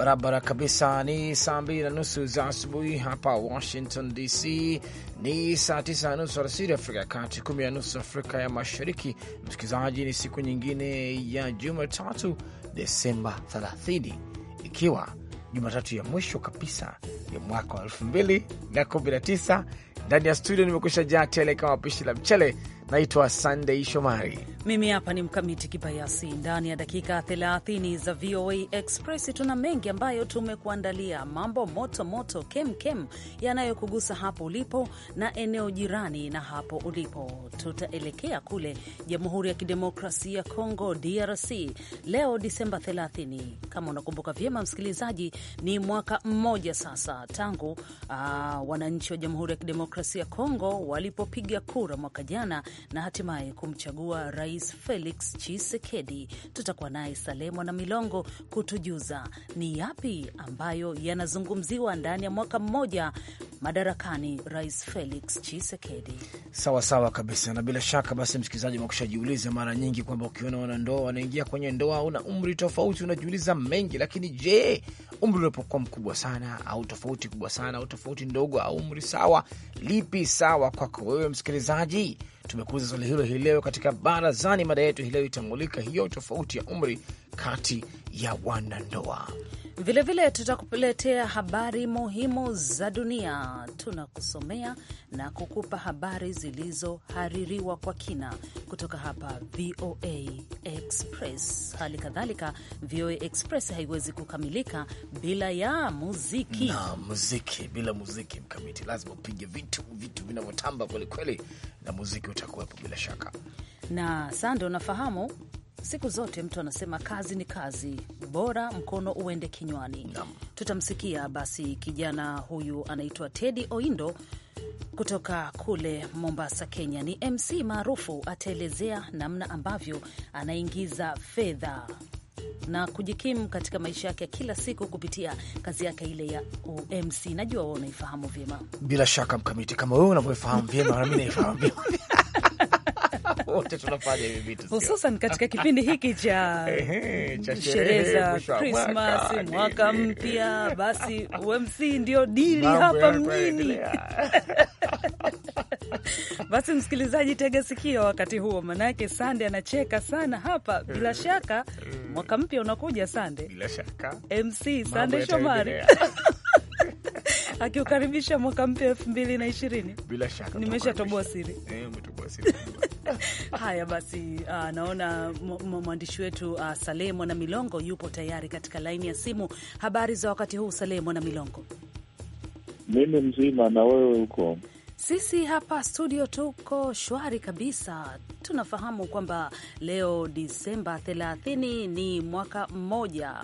barabara kabisa. Ni saa mbili na nusu za asubuhi hapa Washington DC, ni saa tisa na nusu alasiri Afrika ya Kati, kumi na nusu Afrika ya Mashariki. Msikilizaji, ni siku nyingine ya Jumatatu Desemba 30 ikiwa Jumatatu ya mwisho kabisa ya mwaka wa 2019 ndani ya studio nimekusha jaa tele kama pishi la mchele. Naitwa Sandei Shomari, mimi hapa ni Mkamiti Kibayasi. Ndani ya dakika 30 za VOA Express tuna mengi ambayo tumekuandalia, mambo moto moto kem kem yanayokugusa hapo ulipo na eneo jirani na hapo ulipo. Tutaelekea kule Jamhuri ya Kidemokrasia ya Congo, DRC. Leo Disemba 30, kama unakumbuka vyema msikilizaji, ni mwaka mmoja sasa tangu uh, wananchi wa Jamhuri ya Kidemokrasia Kidemokrasia Kongo walipopiga kura mwaka jana na hatimaye kumchagua Rais Felix Tshisekedi. Tutakuwa naye Salemo na Milongo kutujuza ni yapi ambayo yanazungumziwa ndani ya mwaka mmoja madarakani Rais Felix Tshisekedi. Sawa sawa kabisa, na bila shaka basi, msikilizaji, umekushajiuliza mara nyingi kwamba ukiona wanandoa wanaingia kwenye ndoa, una umri tofauti, unajiuliza mengi. Lakini je, umri unapokuwa mkubwa sana au tofauti kubwa sana au tofauti ndogo au umri sawa, lipi sawa kwako wewe msikilizaji? Tumekuuza swali hilo hii leo katika barazani. Mada yetu hii leo itamulika hiyo tofauti ya umri kati ya wanandoa. Vilevile tutakuletea habari muhimu za dunia, tunakusomea na kukupa habari zilizohaririwa kwa kina kutoka hapa VOA Express. Hali kadhalika VOA Express haiwezi kukamilika bila ya muziki na muziki. Bila muziki mkamiti, lazima upige vitu vitu vinavyotamba kwelikweli, na muziki utakuwepo bila shaka. Na Sando, unafahamu Siku zote mtu anasema kazi ni kazi, bora mkono uende kinywani. Tutamsikia basi kijana huyu anaitwa Teddy Oindo kutoka kule Mombasa, Kenya. Ni MC maarufu, ataelezea namna ambavyo anaingiza fedha na kujikimu katika maisha yake ya kila siku kupitia kazi yake ile ya UMC. Najua wewe unaifahamu vyema, bila shaka Mkamiti, kama wewe unavyoifahamu vyema, nami naifahamu vyema wote tunafanya hivi vitu, hususan katika kipindi hiki cha sherehe za Krismas, mwaka mpya. Basi UMC ndio dili hapa mjini. Basi msikilizaji, tega sikio wakati huo, manake Sande anacheka sana hapa. Bila hmm. shaka hmm. mwaka mpya unakuja, Sande. Bila shaka MC Sande Shomari akiukaribisha mwaka mpya elfu mbili na ishirini. Bila shaka nimeshatoboa siri. Eh, Haya basi, uh, naona mwandishi wetu uh, Saleh Mwana Milongo yupo tayari katika laini ya simu. Habari za wakati huu, Saleh Mwana Milongo? Mimi mzima, na wewe huko? Sisi hapa studio tuko shwari kabisa. Tunafahamu kwamba leo Disemba 30 ni mwaka mmoja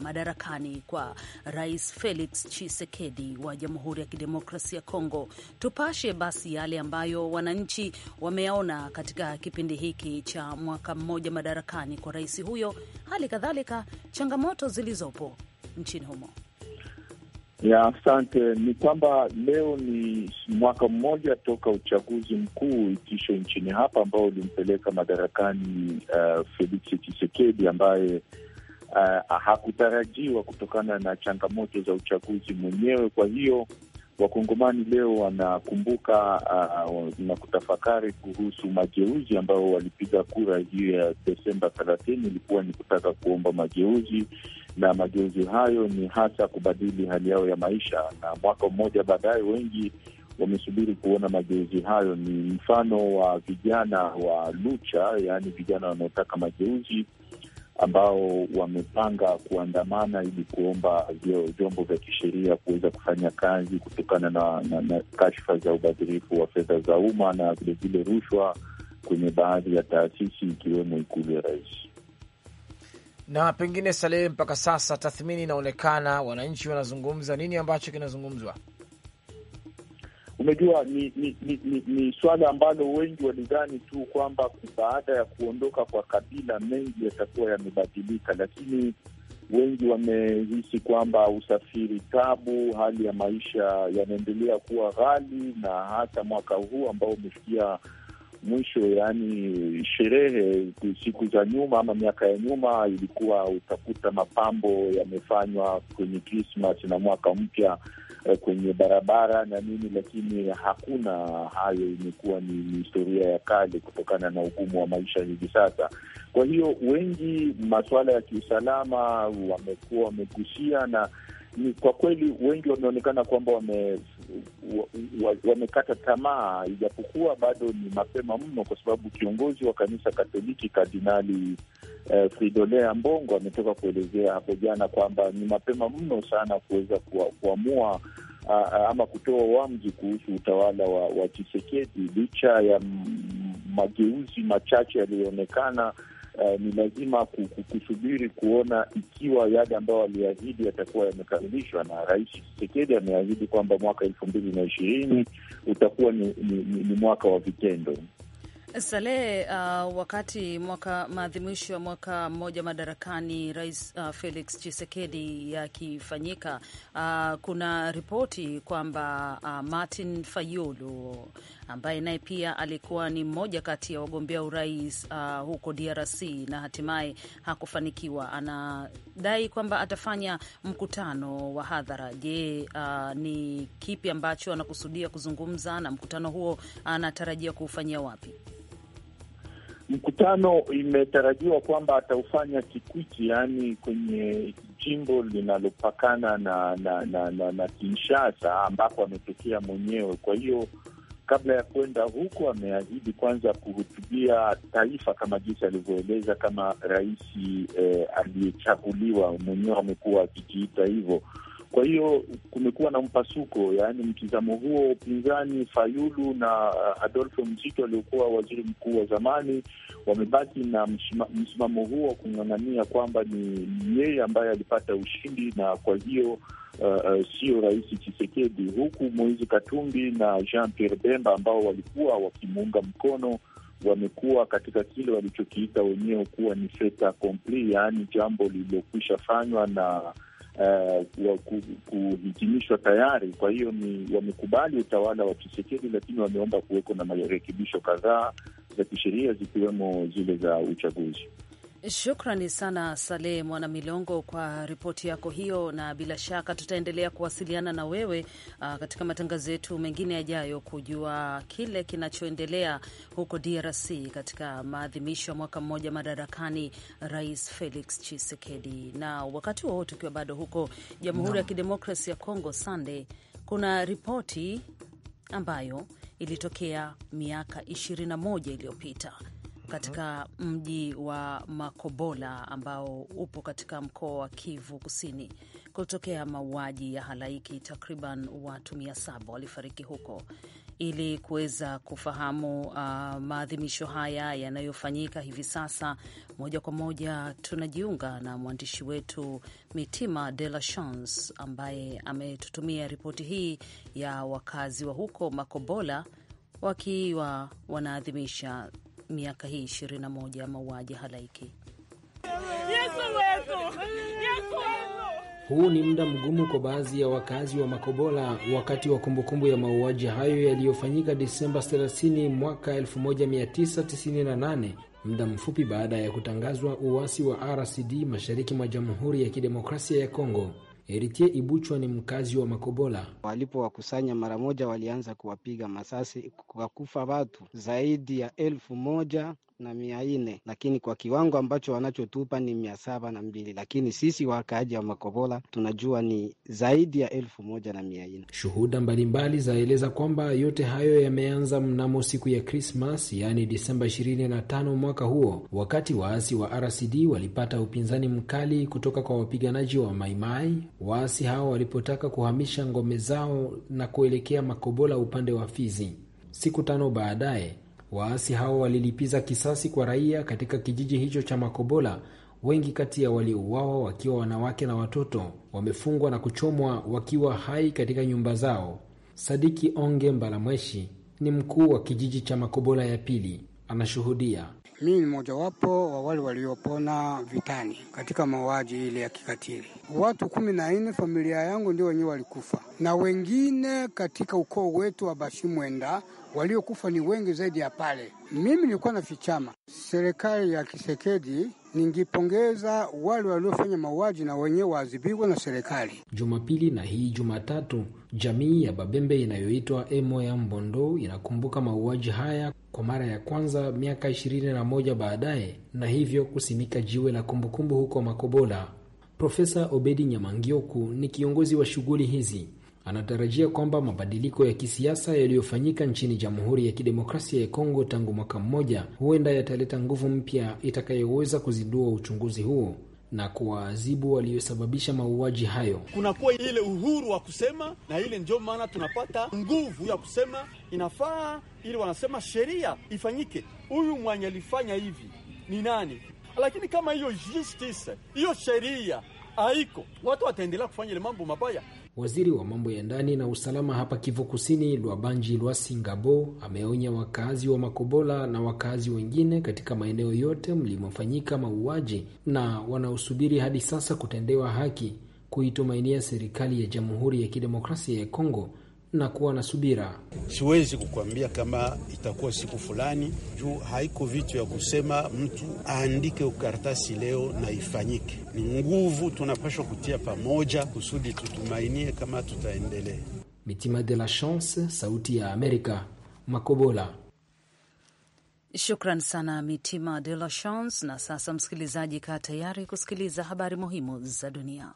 madarakani kwa Rais Felix Tshisekedi wa Jamhuri ya Kidemokrasia ya Kongo. Tupashe basi yale ambayo wananchi wameyaona katika kipindi hiki cha mwaka mmoja madarakani kwa rais huyo, hali kadhalika changamoto zilizopo nchini humo. Ya, asante. Ni kwamba leo ni mwaka mmoja toka uchaguzi mkuu uitisho nchini hapa ambao ulimpeleka madarakani uh, Felix Tshisekedi ambaye uh, hakutarajiwa kutokana na changamoto za uchaguzi mwenyewe. Kwa hiyo Wakongomani leo wanakumbuka uh, na kutafakari kuhusu mageuzi ambao walipiga kura hiyo ya Desemba thelathini, ilikuwa ni kutaka kuomba mageuzi, na mageuzi hayo ni hasa kubadili hali yao ya maisha, na mwaka mmoja baadaye wengi wamesubiri kuona mageuzi hayo. Ni mfano wa vijana wa Lucha, yaani vijana wanaotaka mageuzi ambao wamepanga kuandamana ili kuomba vyombo vya kisheria kuweza kufanya kazi kutokana na, na, na kashfa za ubadhirifu wa fedha za umma na vilevile rushwa kwenye baadhi ya taasisi ikiwemo ikulu ya rais. Na pengine Salehe, mpaka sasa tathmini inaonekana, wananchi wanazungumza nini ambacho kinazungumzwa? Umejua, ni ni, ni, ni, ni swala ambalo wengi walidhani tu kwamba baada ya kuondoka kwa Kabila mengi yatakuwa yamebadilika, lakini wengi wamehisi kwamba usafiri tabu, hali ya maisha yanaendelea kuwa ghali, na hasa mwaka huu ambao umefikia mwisho, yaani sherehe siku za nyuma ama miaka ya nyuma ilikuwa utakuta mapambo yamefanywa kwenye Krismas na mwaka mpya Eh, kwenye barabara na nini, lakini hakuna hayo. Imekuwa ni, historia ya kale kutokana na ugumu wa maisha hivi sasa. Kwa hiyo wengi masuala ya kiusalama wamekuwa wamegusia na ni kwa kweli wengi wameonekana kwamba wame, wamekata tamaa, ijapokuwa bado ni mapema mno, kwa sababu kiongozi wa kanisa Katoliki Kardinali eh, Fridolea Ambongo ametoka kuelezea hapo jana kwamba ni mapema mno sana kuweza kuamua ama kutoa uamuzi kuhusu utawala wa, wa Chisekedi licha ya mageuzi machache yaliyoonekana. Uh, ni lazima kusubiri kuona ikiwa yale ambayo aliahidi yatakuwa yamekamilishwa, na Rais chisekedi ameahidi kwamba mwaka elfu mbili na ishirini utakuwa ni, ni, ni, ni mwaka wa vitendo. Salehe, uh, wakati mwaka maadhimisho ya mwaka mmoja madarakani Rais uh, Felix Chisekedi yakifanyika, uh, kuna ripoti kwamba uh, Martin Fayulu ambaye naye pia alikuwa ni mmoja kati ya wagombea urais uh, huko DRC na hatimaye hakufanikiwa, anadai kwamba atafanya mkutano wa hadhara. Je, uh, ni kipi ambacho anakusudia kuzungumza na mkutano huo anatarajia kuufanyia wapi? Mkutano imetarajiwa kwamba ataufanya Kikwiti, yaani kwenye jimbo linalopakana na na, na, na, na Kinshasa ambapo ametokea mwenyewe. Kwa hiyo kabla ya kwenda huko, ameahidi kwanza kuhutubia taifa kama jinsi alivyoeleza kama rais eh, aliyechaguliwa mwenyewe amekuwa akijiita hivyo kwa hiyo kumekuwa na mpasuko, yaani mtizamo huo upinzani, Fayulu na uh, Adolfo Mzito aliokuwa waziri mkuu wa zamani, wamebaki na msimamo huo wa kung'ang'ania kwamba ni yeye ambaye alipata ushindi na kwa hiyo Uh, uh sio Rais chisekedi huku Moise Katumbi na Jean Pierre Bemba ambao walikuwa wakimuunga mkono wamekuwa katika kile walichokiita wenyewe kuwa ni fait yaani jambo lililokwisha fanywa na uh, kuhitimishwa tayari. Kwa hiyo ni wamekubali utawala wa Tshisekedi, lakini wameomba kuweko na marekebisho kadhaa za kisheria zikiwemo zile za uchaguzi. Shukrani sana Saleh Mwana Milongo kwa ripoti yako hiyo, na bila shaka tutaendelea kuwasiliana na wewe uh, katika matangazo yetu mengine yajayo kujua kile kinachoendelea huko DRC katika maadhimisho ya mwaka mmoja madarakani Rais Felix Tshisekedi. Na wakati huo tukiwa bado huko Jamhuri no. ya Kidemokrasi ya congo Sande, kuna ripoti ambayo ilitokea miaka 21 iliyopita Mm-hmm. katika mji wa Makobola ambao upo katika mkoa wa Kivu Kusini kutokea mauaji ya halaiki. Takriban watu mia saba walifariki huko. Ili kuweza kufahamu uh, maadhimisho haya yanayofanyika hivi sasa, moja kwa moja tunajiunga na mwandishi wetu Mitima De La Chance ambaye ametutumia ripoti hii ya wakazi wa huko Makobola wakiwa wanaadhimisha miaka hii moja ya mauaji halaiki. Yesu wetu, Yesu wetu. Huu ni muda mgumu kwa baadhi ya wakazi wa Makobola wakati wa kumbukumbu ya mauaji hayo yaliyofanyika Disemba 30 mwaka 1998, muda mfupi baada ya kutangazwa uasi wa RCD mashariki mwa Jamhuri ya Kidemokrasia ya Kongo. Heritier Ibuchwa ni mkazi wa Makobola. Walipowakusanya mara moja, walianza kuwapiga masasi, kufa watu zaidi ya elfu moja na mia nne lakini kwa kiwango ambacho wanachotupa ni mia saba na mbili lakini sisi wakaaji wa Makobola tunajua ni zaidi ya elfu moja na mia nne. Shuhuda mbalimbali zaeleza kwamba yote hayo yameanza mnamo siku ya Krismas, yaani Disemba 25 mwaka huo, wakati waasi wa RCD walipata upinzani mkali kutoka kwa wapiganaji wa Maimai. Waasi hao walipotaka kuhamisha ngome zao na kuelekea Makobola upande wa Fizi. Siku tano baadaye Waasi hao walilipiza kisasi kwa raia katika kijiji hicho cha Makobola. Wengi kati ya waliouawa wakiwa wanawake na watoto, wamefungwa na kuchomwa wakiwa hai katika nyumba zao. Sadiki Onge Mbalamweshi ni mkuu wa kijiji cha Makobola ya pili, anashuhudia. Mi ni mmojawapo wa wale waliopona vitani katika mauaji ile ya kikatili. Watu kumi na nne familia yangu ndio wenyewe walikufa, na wengine katika ukoo wetu wa Bashimwenda waliokufa ni wengi zaidi ya pale. Mimi nilikuwa na fichama serikali ya Kisekedi, ningipongeza wale waliofanya mauaji na wenyewe waadhibiwe na serikali. Jumapili na hii Jumatatu, jamii ya Babembe inayoitwa Emo ya Mbondo inakumbuka mauaji haya kwa mara ya kwanza miaka ishirini na moja baadaye na hivyo kusimika jiwe la kumbukumbu huko Makobola. Profesa Obedi Nyamangioku ni kiongozi wa shughuli hizi anatarajia kwamba mabadiliko ya kisiasa yaliyofanyika nchini Jamhuri ya Kidemokrasia ya Kongo tangu mwaka mmoja huenda yataleta nguvu mpya itakayoweza kuzindua uchunguzi huo na kuwaadhibu waliosababisha mauaji hayo. Kunakuwa ile uhuru wa kusema, na ile ndio maana tunapata nguvu ya kusema inafaa, ili wanasema sheria ifanyike, huyu mwenye alifanya hivi ni nani. Lakini kama hiyo justice, hiyo sheria haiko, watu wataendelea kufanya ile mambo mabaya. Waziri wa mambo ya ndani na usalama hapa Kivu Kusini, Lwabanji Singabo, ameonya wakazi wa Makobola na wakazi wengine katika maeneo yote mlimofanyika mauaji na wanaosubiri hadi sasa kutendewa haki kuitumainia serikali ya Jamhuri ya Kidemokrasia ya Kongo na kuwa na subira. Siwezi kukwambia kama itakuwa siku fulani, juu haiko vitu ya kusema mtu aandike ukartasi leo na ifanyike. Ni nguvu tunapashwa kutia pamoja kusudi tutumainie kama tutaendelea. Mitima de la Chance, Sauti ya Amerika, Makobola. Shukran sana Mitima de la Chance. Na sasa, msikilizaji, kaa tayari kusikiliza habari muhimu za dunia.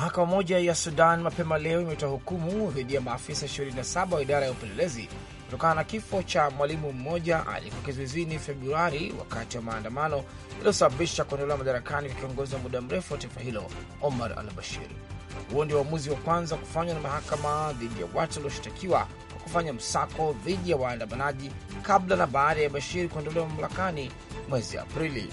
Mahakama moja ya Sudan mapema leo imetoa hukumu dhidi ya maafisa 27 wa idara ya upelelezi kutokana na kifo cha mwalimu mmoja aliyekuwa kizuizini Februari wakati wa maandamano yaliyosababisha kuondolewa madarakani kwa kiongozi wa muda mrefu wa taifa hilo Omar al Bashir. Huo ndio uamuzi wa kwanza kufanywa na mahakama dhidi ya watu walioshtakiwa kwa kufanya msako dhidi ya waandamanaji kabla na baada ya Bashir kuondolewa mamlakani mwezi Aprili.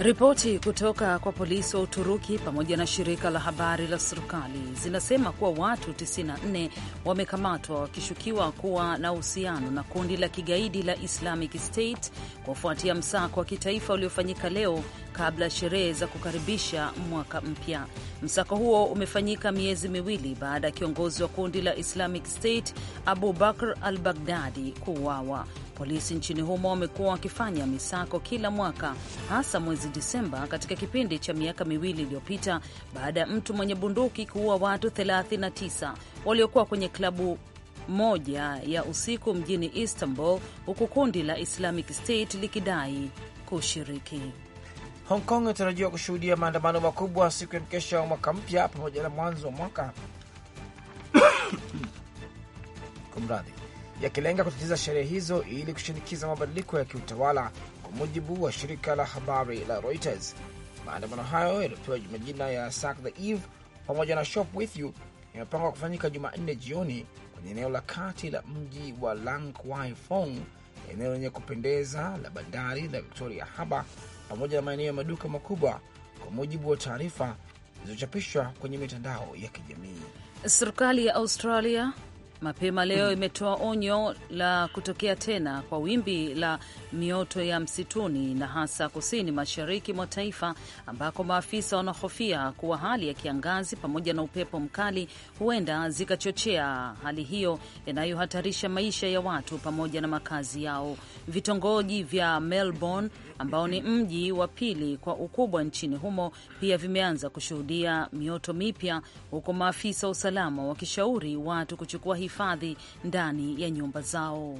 Ripoti kutoka kwa polisi wa Uturuki pamoja na shirika la habari la serikali zinasema kuwa watu 94 wamekamatwa wakishukiwa kuwa na uhusiano na kundi la kigaidi la Islamic State kufuatia msako wa kitaifa uliofanyika leo kabla ya sherehe za kukaribisha mwaka mpya. Msako huo umefanyika miezi miwili baada ya kiongozi wa kundi la Islamic State Abu Bakr al Baghdadi kuuawa. Polisi nchini humo wamekuwa wakifanya misako kila mwaka, hasa mwezi Disemba katika kipindi cha miaka miwili iliyopita baada ya mtu mwenye bunduki kuua watu 39 waliokuwa kwenye klabu moja ya usiku mjini Istanbul, huku kundi la Islamic State likidai kushiriki. Hong Kong inatarajiwa kushuhudia maandamano makubwa siku ya mkesha wa mwaka mpya pamoja na mwanzo wa mwaka kumradhi yakilenga kutatiza sherehe hizo ili kushinikiza mabadiliko ya kiutawala, kwa mujibu wa shirika la habari la Reuters. Maandamano hayo yaliyopewa majina ya Sack the Eve pamoja na Shop with You yamepangwa kufanyika Jumanne jioni kwenye eneo la kati la mji wa Lang Kwai Fong, eneo lenye kupendeza la bandari la Victoria Harbour pamoja na maeneo ya maduka makubwa, kwa mujibu wa taarifa zilizochapishwa kwenye mitandao ya kijamii. Serikali ya Australia mapema leo imetoa onyo la kutokea tena kwa wimbi la mioto ya msituni na hasa kusini mashariki mwa taifa ambako maafisa wanahofia kuwa hali ya kiangazi pamoja na upepo mkali huenda zikachochea hali hiyo inayohatarisha maisha ya watu pamoja na makazi yao. Vitongoji vya Melbourne ambao ni mji wa pili kwa ukubwa nchini humo pia vimeanza kushuhudia mioto mipya, huku maafisa wa usalama wakishauri watu kuchukua kujihifadhi ndani ya nyumba zao.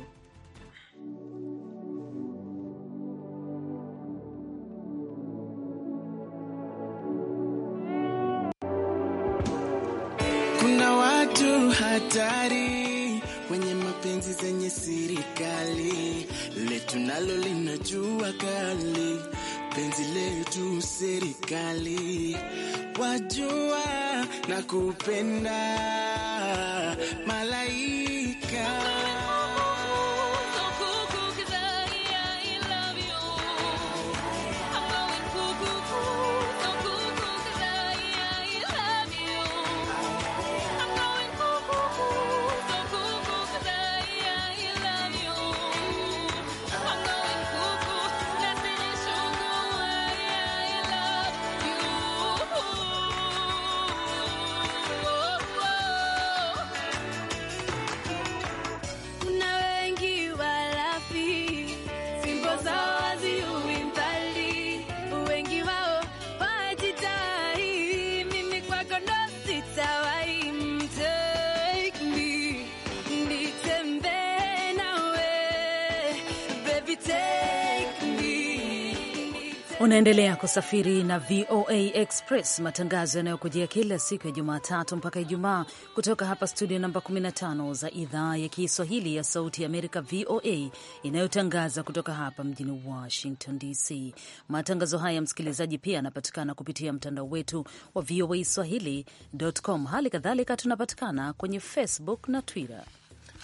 Kuna watu hatari enzi zenye sirikali letu nalo linajua kali penzi letu serikali wajua na kupenda mala Unaendelea kusafiri na VOA Express, matangazo yanayokujia kila siku ya Jumatatu mpaka Ijumaa kutoka hapa studio namba 15 za idhaa ya Kiswahili ya Sauti ya Amerika, VOA, inayotangaza kutoka hapa mjini Washington DC. Matangazo haya, msikilizaji, pia yanapatikana kupitia mtandao wetu wa VOA Swahili.com. Hali kadhalika tunapatikana kwenye Facebook na Twitter.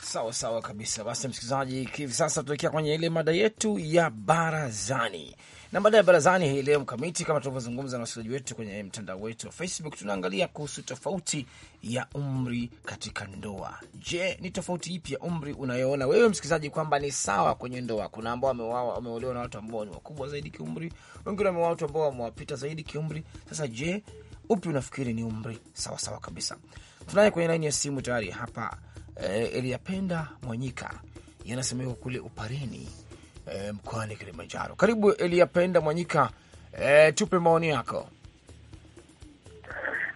Sawa sawa kabisa. Basi msikilizaji, hivi sasa tuelekea kwenye ile mada yetu ya barazani. Na baada ya barazani hii leo mkamiti, kama tulivyozungumza na wasikilizaji wetu kwenye mtandao wetu wa Facebook, tunaangalia kuhusu tofauti ya umri katika ndoa. Je, ni tofauti ipi ya umri unayoona wewe msikilizaji kwamba ni sawa kwenye ndoa? Kuna ambao wameolewa na watu ambao ni wakubwa zaidi kiumri, wengine wameoa watu ambao wamewapita zaidi kiumri. Sasa je, upi unafikiri ni umri sawa sawa kabisa? Tunaye kwenye laini ya simu tayari hapa eh, Eliapenda Mwanyika yanasema yuko kule Upareni e, mkoani Kilimanjaro. Karibu Elia Penda Mwanyika, e, tupe maoni yako.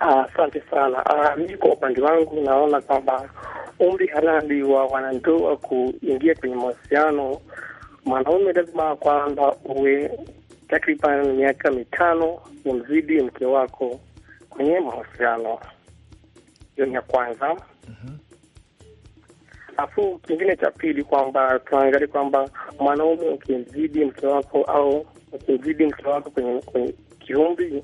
Ah, asante ah, sana ah, mi kwa upande wangu naona kwamba umri halali wa wanandoa kuingia kwenye mahusiano, mwanaume lazima kwamba uwe takriban miaka mitano ya mzidi mke wako kwenye mahusiano. Hiyo ni ya kwanza. mm -hmm. Afu kingine cha pili kwamba tuangalie kwamba mwanaume ukimzidi mke wako au ukimzidi mke wako kwenye, kwenye kiumbi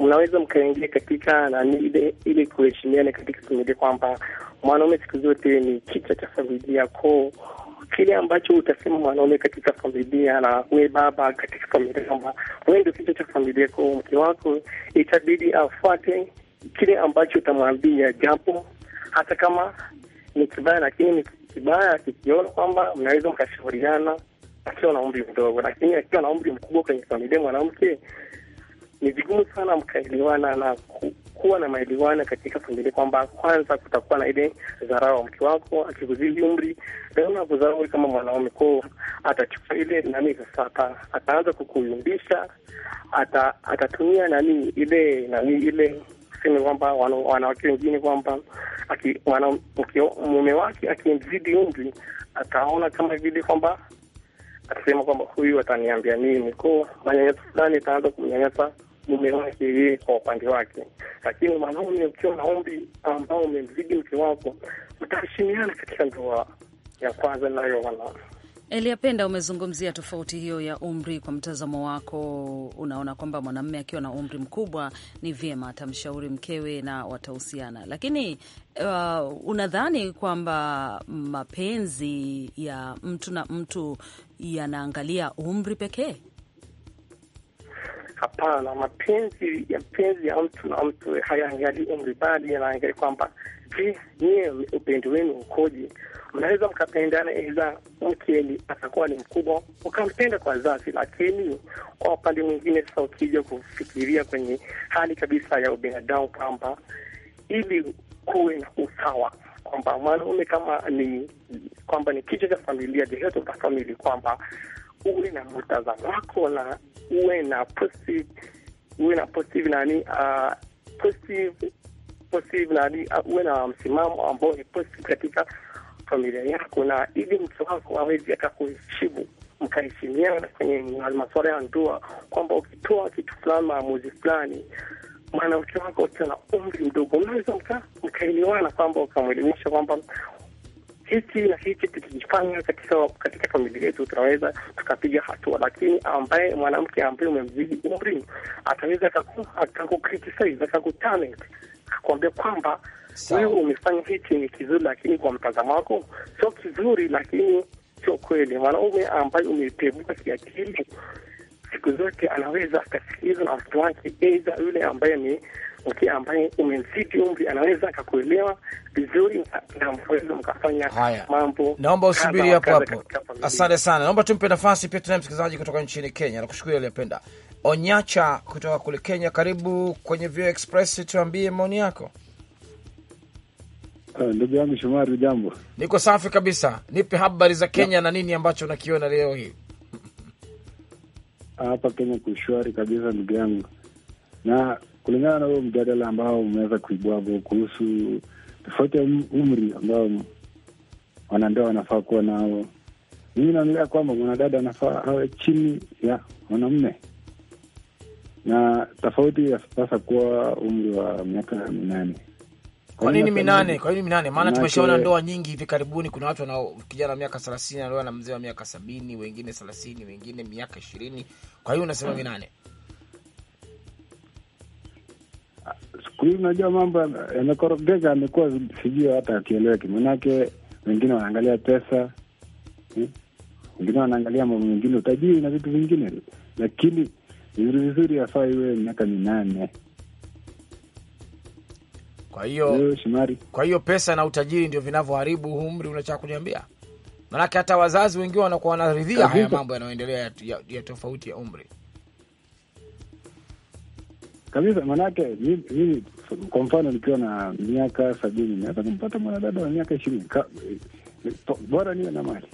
mnaweza mkaingia katika nani ile ile kuheshimiana katika familia, kwamba mwanaume siku zote ni kichwa cha familia ko kile ambacho utasema mwanaume katika familia na we baba katika familia, kwamba we ndio kichwa cha familia ko mke wako itabidi afuate kile ambacho utamwambia, japo hata kama ni kibaya, lakini ni kibaya kikiona kwamba mnaweza mkashauriana akiwa na umri mdogo, lakini akiwa na umri mkubwa kwenye familia mwanamke ni vigumu sana mkaelewana na ku, kuwa na maelewano katika familia, kwamba kwanza kutakuwa na ile dharau. wa Mke wako akikuzidi umri nakudharau kama mwanaume ko, atachukua ile nani sasa, ataanza kukuyumbisha, atatumia nani ile nani ile tuseme kwamba wanawake wengine kwamba mume wake akimzidi umri ataona kama vile kwamba atasema kwamba huyu ataniambia nini, ko manyanyaso fulani itaanza kumnyanyasa mume wake yeye kwa upande wake. Lakini mwanaume ukiwa na umri ambao umemzidi mke wako, utaheshimiana katika ndoa ya kwanza nayo wanao Eliapenda, umezungumzia tofauti hiyo ya umri. Kwa mtazamo wako, unaona kwamba mwanamume akiwa na umri mkubwa ni vyema atamshauri mkewe na watahusiana, lakini uh, unadhani kwamba mapenzi ya mtu na mtu yanaangalia umri pekee? Hapana, mapenzi ya mpenzi ya mtu na mtu hayaangalii umri, bali yanaangalia kwamba je, nyewe upendo wenu ukoje? mnaweza mkapendana, eza mkeli atakuwa ni mkubwa, ukampenda kwa dhati, lakini kwa upande mwingine sasa, ukija kufikiria kwenye hali kabisa ya ubinadamu kwamba ili kuwe na usawa kwamba mwanaume kama ni kwamba ni kichwa cha familia, the head of the family, kwamba uwe na mtazamo wako na uwe na positive, uwe na positive nani, uh, positive, positive nani, uh, uwe na msimamo ambao ni positive katika familia yako, na ili mke wako awezi kuheshimu mkaheshimiana kwenye maswala ya ndoa, kwamba ukitoa kitu fulani, maamuzi fulani, mwanamke wako tena umri mdogo, unaweza mkaelewana, kwamba ukamwelimisha kwamba hiki na hiki tukijifanya katika katika familia yetu tunaweza tukapiga hatua, lakini ambaye mwanamke ambaye umemzidi umri ataweza akakukritisize, akakutamenti, akakuambia kwamba wewe umefanya hichi ni kizuri, lakini kwa mtazamo wako sio kizuri, lakini sio kweli. Mwanaume ambaye umepevuka kiakili siku zote anaweza akasikiliza na watoto wake, aidha yule ambaye ni mke ambaye umemzidi umri anaweza akakuelewa vizuri na mkaweza mkafanya haya mambo. Naomba usubiri hapo hapo, asante sana. Naomba tumpe nafasi pia, tunaye msikilizaji kutoka nchini Kenya. Nakushukuru aliyependa Onyacha kutoka kule Kenya. Karibu kwenye Vio Express, tuambie maoni yako. Eh, ndugu yangu Shumari, jambo? Niko safi kabisa. Nipe habari za Kenya na nini ambacho unakiona leo hii hapa Kenya? Kushwari kabisa ndugu yangu, na kulingana na huo mjadala ambao umeweza kuibua hapo kuhusu tofauti ya um-, umri ambao wanandoa wanafaa kuwa nao, mimi naonelea kwamba mwanadada anafaa awe chini ya mwanamme na tofauti ya sasa kuwa umri wa miaka minane kwa nini minane? Kwa nini minane? Maana tumeshaona ndoa nyingi hivi karibuni, kuna watu wana kijana wa miaka thelathini anaoa na mzee wa miaka sabini, wengine thelathini wengine miaka ishirini. Kwa hiyo unasema minane? Siku hizi unajua mambo yamekorogeka, amekuwa sijui hata akieleweki, manake wengine wanaangalia pesa, eh? wengine wanaangalia mambo mengine, utajiri na vitu vingine, lakini vizuri vizuri yafaa iwe miaka minane. Kwa hiyo kwa hiyo pesa na utajiri ndio vinavyoharibu umri, unachaka kuniambia? Maanake hata wazazi wengine wanakuwa wanaridhia haya mambo yanayoendelea ya, ya, ya tofauti ya umri kabisa. Maanake mimi kwa mfano nikiwa na miaka sabini naweza kumpata mwanadada wa miaka ishirini eh, bora niwe na mali.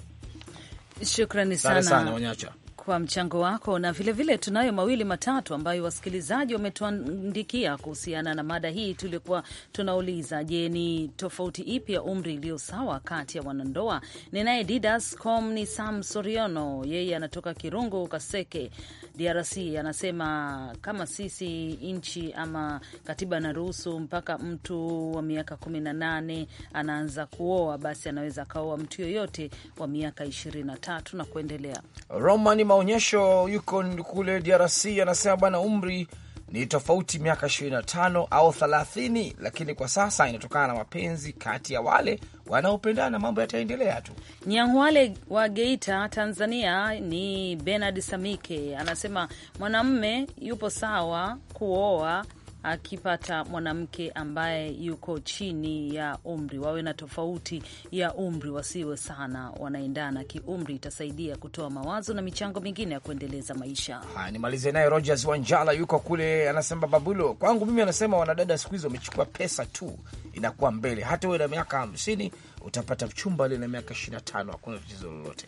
Shukrani sana, sana Wanyacha kwa mchango wako, na vilevile vile tunayo mawili matatu ambayo wasikilizaji wametuandikia kuhusiana na mada hii tuliokuwa tunauliza. Je, ni tofauti ipi ya umri iliyo sawa kati ya wanandoa? Ninaye Didas com ni Sam Soriono, yeye anatoka Kirungu Kaseke, DRC. Anasema kama sisi nchi ama katiba anaruhusu mpaka mtu wa miaka kumi na nane anaanza kuoa, basi anaweza akaoa mtu yoyote wa miaka ishirini na tatu na kuendelea. Roma maonyesho yuko kule DRC anasema bwana, umri ni tofauti miaka 25 au 30, lakini kwa sasa inatokana na mapenzi kati ya wale wanaopendana. Mambo yataendelea tu. Nyangwale wa Geita, Tanzania ni Bernard Samike anasema mwanamme yupo sawa kuoa akipata mwanamke ambaye yuko chini ya umri, wawe na tofauti ya umri, wasiwe sana wanaendana kiumri, itasaidia kutoa mawazo na michango mingine ya kuendeleza maisha. Haya, nimalize naye Rogers Wanjala, yuko kule, anasema Babulo, kwangu mimi, anasema wanadada siku hizi wamechukua pesa tu, inakuwa mbele. Hata uwe na miaka hamsini utapata mchumba aliye na miaka ishirini na tano, hakuna tatizo lolote.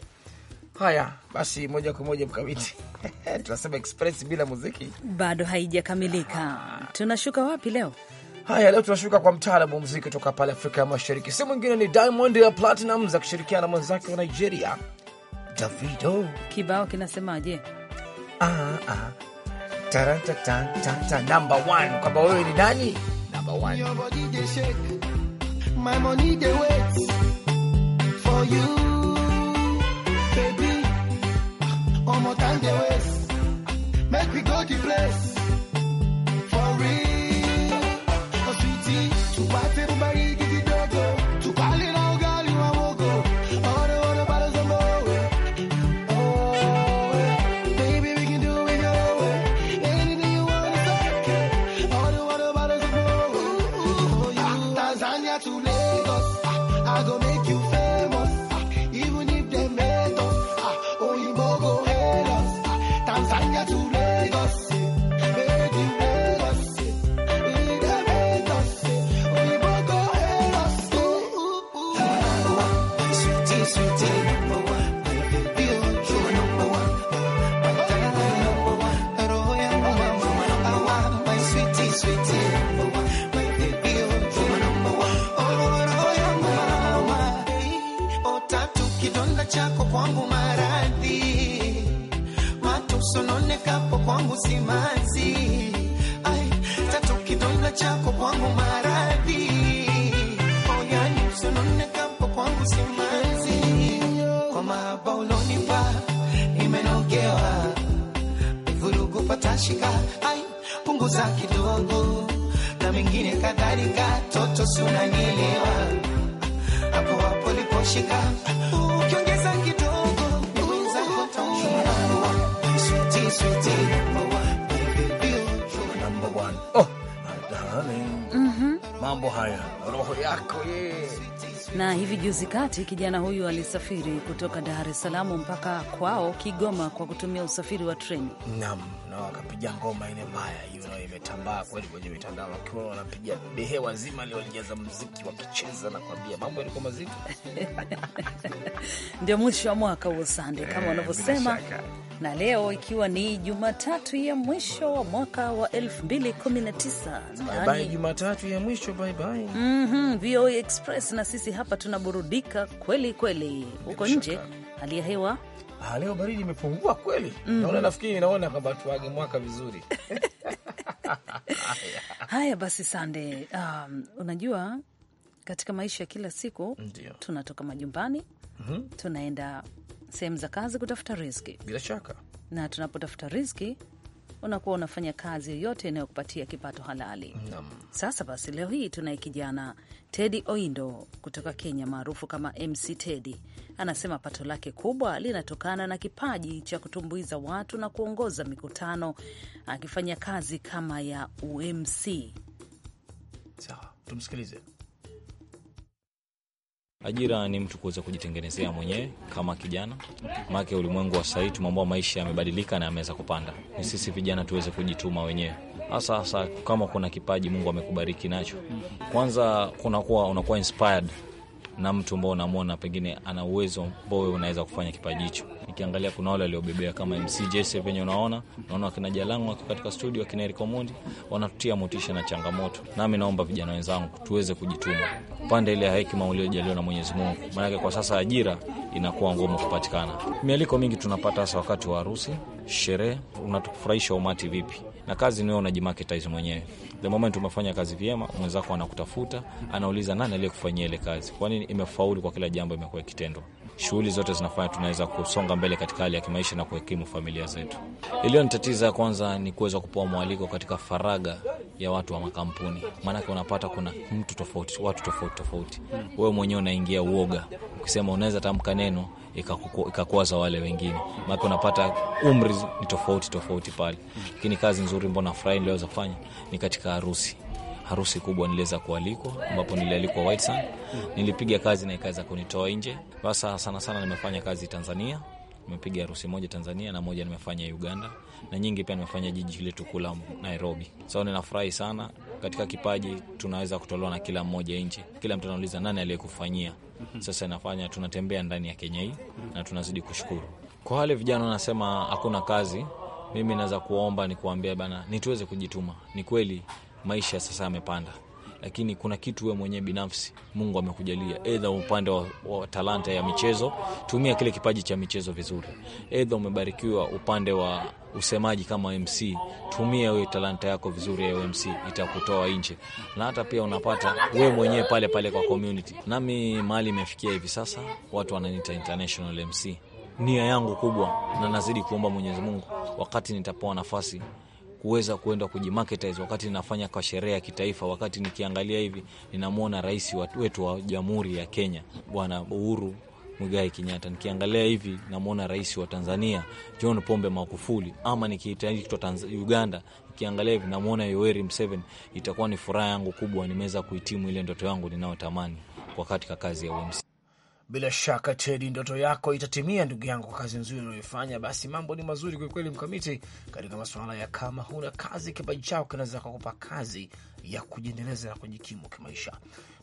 Haya basi, moja kwa moja mkamiti tunasema express bila muziki bado haijakamilika. Tunashuka wapi leo? Haya, leo tunashuka kwa mtaalamu wa muziki kutoka pale Afrika ya Mashariki, si mwingine ni Diamond ya Platinum za kushirikiana na mwenzake wa Nigeria Davido. Kibao kinasemaje? Ah, ah. Taranta number kwamba wewe ni nani? Number chako kwangu maradhi, mato sononekapo kwangu simanzi, ai tatu kidonda chako kwangu maradhi, oyani ai punguza kidogo na mengine kadhalika, toto sunanielewa hapo hapo liposhika Mambo haya roho yako ye. Na hivi juzi kati kijana huyu alisafiri kutoka Dar es Salaam mpaka kwao Kigoma kwa kutumia usafiri wa treni. nam na wakapiga ngoma ile mbaya hiyo nayo imetambaa kweli kwenye mitandao, wakiwa wanapiga behewa zima ile walijaza mziki wakicheza na kuambia mambo yalikuwa mazito. Ndio mwisho wa mwaka huo, Sande, kama wanavyosema eh, na leo ikiwa ni Jumatatu ya mwisho wa mwaka wa 2019 Jumatatu ya mwisho bye bye. Mm -hmm, VOA e Express na sisi hapa tunaburudika kweli kweli. Huko nje hali ya hewa ah, leo baridi imepungua kweli. Mm -hmm. Naona nafikiri naona kwamba tuage mwaka vizuri Haya basi, Sande, um, unajua katika maisha ya kila siku Ndiyo. tunatoka majumbani mm -hmm. tunaenda sehemu za kazi kutafuta riziki. Bila shaka, na tunapotafuta riziki unakuwa unafanya kazi yoyote inayokupatia kipato halali. Naam. Sasa basi, leo hii tunaye kijana Tedi Oindo kutoka Kenya maarufu kama MC Tedi. Anasema pato lake kubwa linatokana na kipaji cha kutumbuiza watu na kuongoza mikutano akifanya kazi kama ya UMC. Sawa, tumsikilize. Ajira ni mtu kuweza kujitengenezea mwenyewe kama kijana, maake ulimwengu wa sahii tumeambua maisha yamebadilika na yameweza kupanda. Ni sisi vijana tuweze kujituma wenyewe, hasa hasa kama kuna kipaji Mungu amekubariki nacho. Kwanza kunakuwa unakuwa inspired na mtu ambao unamwona pengine ana uwezo ambao wewe unaweza kufanya kipaji hicho. Nikiangalia kuna wale waliobebea kama MC Jesse, venye unaona unaona wakina Jalangu wako katika studio, wakina Eric Omondi wanatutia motisha na changamoto. Nami naomba vijana wenzangu tuweze kujituma upande ile ya hekima uliojaliwa na Mwenyezi Mungu, maanake kwa sasa ajira inakuwa ngumu kupatikana. Mialiko mingi tunapata hasa wakati wa harusi, sherehe. Unatufurahisha umati vipi? na kazi ni wewe unajimarketize mwenyewe. The moment umefanya kazi vyema, mwenzako anakutafuta, anauliza nani aliyekufanyia ile kazi, nini imefaulu kwa kila jambo, imekuwa ikitendwa Shughuli zote zinafanya tunaweza kusonga mbele katika hali ya kimaisha na kuhekimu familia zetu. Iliyonitatiza kwanza ni kuweza kupoa mwaliko katika faraga ya watu wa makampuni, maanake unapata kuna mtu tofauti, watu tofauti tofauti. Wewe mwenyewe unaingia uoga, ukisema unaweza tamka neno ikakwaza wale wengine, maanake unapata umri ni tofauti tofauti pale. Lakini kazi nzuri mbona furahi niliweza kufanya ni katika harusi harusi kubwa niliweza kualikwa, ambapo nilialikwa White Nilipiga kazi na ikaweza kunitoa nje. Sasa sana sana nimefanya kazi Tanzania, nimepiga harusi moja Tanzania na moja nimefanya Uganda na nyingi pia nimefanya jiji letu kuu la Nairobi. So ninafurahi sana katika kipaji tunaweza kutolewa na kila mmoja nje. Kila mtu anauliza nani aliyekufanyia. Mhm. Sasa inafanya tunatembea ndani ya Kenya hii na tunazidi kushukuru. Kwa wale vijana wanasema hakuna kazi, mimi naweza kuomba ni kuambia bana, nituweze kujituma. Ni kweli maisha sasa yamepanda lakini kuna kitu wewe mwenyewe binafsi Mungu amekujalia, aidha upande wa, wa talanta ya michezo, tumia kile kipaji cha michezo vizuri, aidha umebarikiwa upande wa usemaji kama MC, tumia wewe talanta yako vizuri ya MC, itakutoa nje, na hata pia unapata wewe mwenyewe pale pale kwa community. Nami mali imefikia hivi sasa, watu wananiita international MC. Nia yangu kubwa na nazidi kuomba Mwenyezi Mungu, wakati nitapoa nafasi kuweza kuenda kujimarketize wakati ninafanya kwa sherehe ya kitaifa. Wakati nikiangalia hivi, ninamwona rais wetu wa Jamhuri ya Kenya Bwana Uhuru Mwigai Kenyatta, nikiangalia hivi namwona rais wa Tanzania John Pombe Magufuli, ama nikiitwa Uganda nikiangalia hivi namwona Yoweri Museveni, itakuwa ni furaha yangu kubwa, nimeweza kuhitimu ile ndoto yangu ninayotamani kwa katika kazi ya UMC. Bila shaka Tedi, ndoto yako itatimia ndugu yangu, kwa kazi nzuri unayoifanya. Basi mambo ni mazuri kwelikweli, Mkamiti, katika masuala ya kama huna kazi, kipaji chao kinaweza kakupa kazi ya kujiendeleza na kujikimu kimaisha.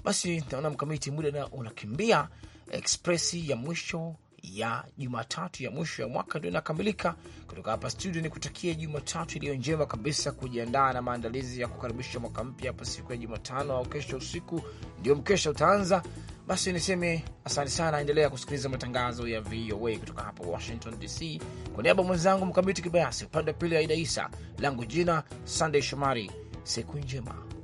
Basi naona Mkamiti muda na unakimbia, ekspresi ya mwisho ya Jumatatu ya mwisho ya mwaka ndio inakamilika. Kutoka hapa studio, ni kutakia Jumatatu iliyo njema kabisa, kujiandaa na maandalizi ya kukaribisha mwaka mpya hapo siku ya Jumatano au kesho usiku ndio mkesha utaanza basi niseme asante sana, endelea kusikiliza matangazo ya VOA kutoka hapa Washington DC. Kwa niaba mwenzangu Mkamiti Kibayasi, upande wa pili Aida Isa, langu jina Sandey Shomari. Siku njema.